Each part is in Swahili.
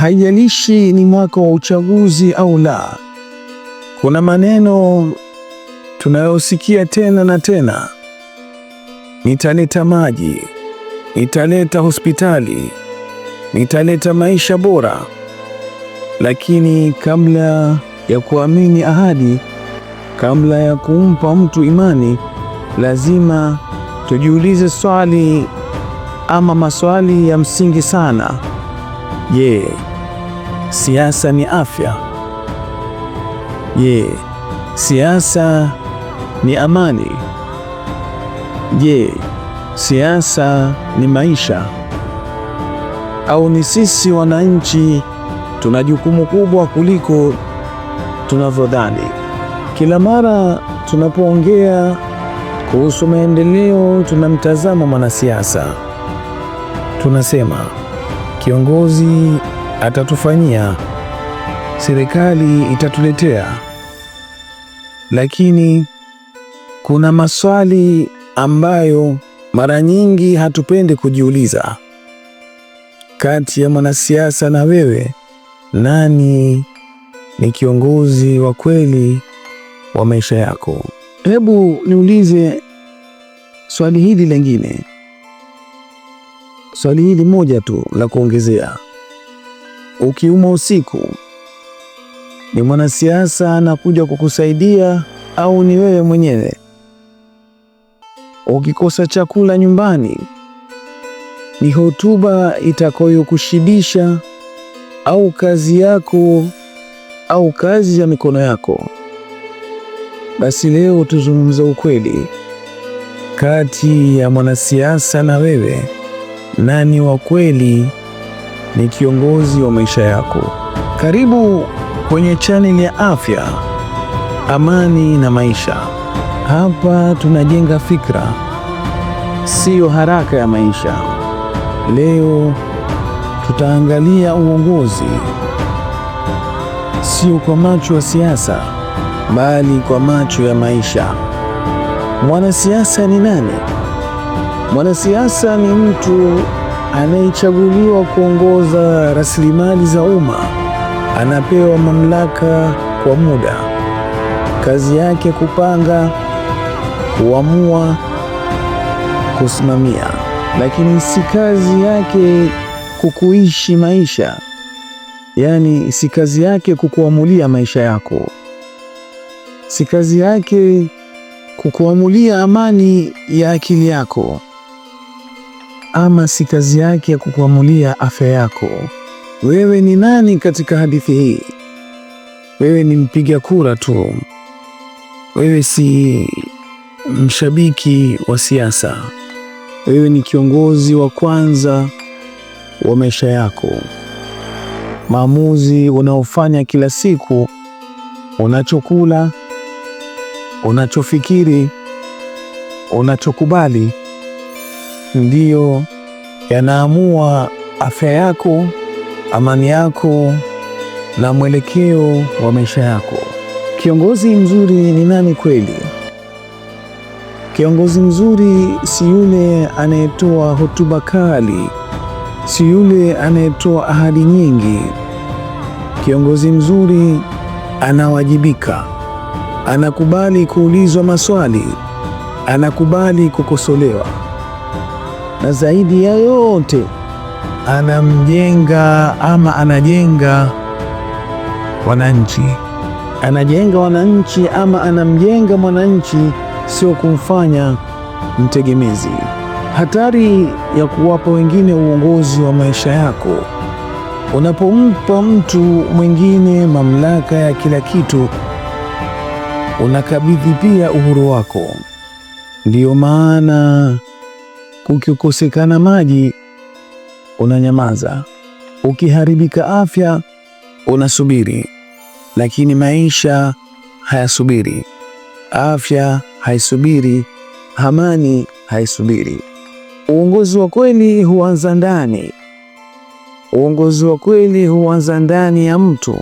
haijalishi ni mwaka wa uchaguzi au la. Kuna maneno tunayosikia tena na tena: nitaleta maji, nitaleta hospitali, nitaleta maisha bora. Lakini kabla ya kuamini ahadi, kabla ya kumpa mtu imani, lazima tujiulize swali ama maswali ya msingi sana. Je, yeah siasa ni afya? Je, siasa ni amani? Je, siasa ni maisha? Au ni sisi wananchi tuna jukumu kubwa kuliko tunavyodhani? Kila mara tunapoongea kuhusu maendeleo, tunamtazama mwanasiasa, tunasema kiongozi atatufanyia, serikali itatuletea. Lakini kuna maswali ambayo mara nyingi hatupendi kujiuliza. Kati ya mwanasiasa na wewe, nani ni kiongozi wa kweli wa maisha yako? Hebu niulize swali hili lingine, swali hili moja tu la kuongezea ukiumwa usiku, ni mwanasiasa anakuja kukusaidia au ni wewe mwenyewe? Ukikosa chakula nyumbani, ni hotuba itakayokushibisha au kazi yako au kazi ya mikono yako? Basi leo tuzungumze ukweli, kati ya mwanasiasa na wewe, nani wa kweli ni kiongozi wa maisha yako. Karibu kwenye chaneli ya Afya, Amani na Maisha. Hapa tunajenga fikra, siyo haraka ya maisha. Leo tutaangalia uongozi, sio kwa macho ya siasa, bali kwa macho ya maisha. Mwanasiasa ni nani? Mwanasiasa ni mtu anayechaguliwa kuongoza rasilimali za umma anapewa mamlaka kwa muda. Kazi yake kupanga, kuamua, kusimamia, lakini si kazi yake kukuishi maisha. Yaani, si kazi yake kukuamulia maisha yako, si kazi yake kukuamulia amani ya akili yako ama si kazi yake ya kukuamulia afya yako. Wewe ni nani katika hadithi hii? Wewe ni mpiga kura tu, wewe si mshabiki wa siasa. Wewe ni kiongozi wa kwanza wa maisha yako. Maamuzi unaofanya kila siku, unachokula, unachofikiri, unachokubali ndiyo yanaamua afya yako, amani yako na mwelekeo wa maisha yako. Kiongozi mzuri ni nani kweli? Kiongozi mzuri si yule anayetoa hotuba kali, si yule anayetoa ahadi nyingi. Kiongozi mzuri anawajibika, anakubali kuulizwa maswali, anakubali kukosolewa na zaidi ya yote anamjenga ama anajenga wananchi, anajenga wananchi ama anamjenga mwananchi, sio kumfanya mtegemezi. Hatari ya kuwapa wengine uongozi wa maisha yako Unapompa mtu mwingine mamlaka ya kila kitu, unakabidhi pia uhuru wako. Ndiyo maana ukikosekana maji unanyamaza, ukiharibika afya unasubiri, lakini maisha hayasubiri, afya haisubiri, amani haisubiri. Uongozi wa kweli huanza ndani. Uongozi wa kweli huanza ndani ya mtu.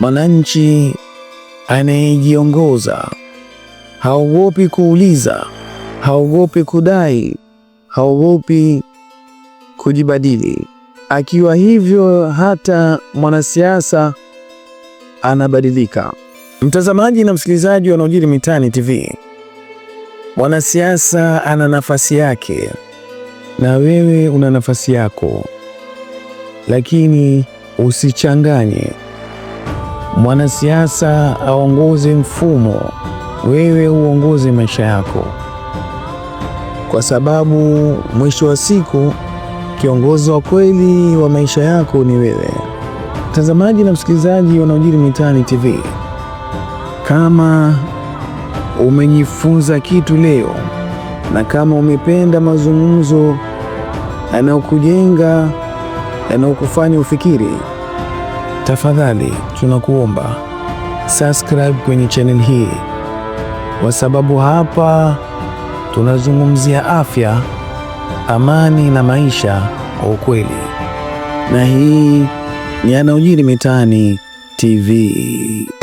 Mwananchi anayejiongoza haogopi kuuliza, haogopi kudai, haogopi kujibadili. Akiwa hivyo, hata mwanasiasa anabadilika. Mtazamaji na msikilizaji wa yanayojiri mitaani TV, mwanasiasa ana nafasi yake na wewe una nafasi yako, lakini usichanganye. Mwanasiasa aongoze mfumo, wewe uongoze maisha yako kwa sababu mwisho wa siku kiongozi wa kweli wa maisha yako ni wewe. Mtazamaji na msikilizaji yanayojiri mitaani TV, kama umejifunza kitu leo na kama umependa mazungumzo yanayokujenga yanayokufanya ufikiri, tafadhali tunakuomba subscribe kwenye channel hii, kwa sababu hapa tunazungumzia afya, amani na maisha kwa ukweli, na hii ni yanayojiri mitaani TV.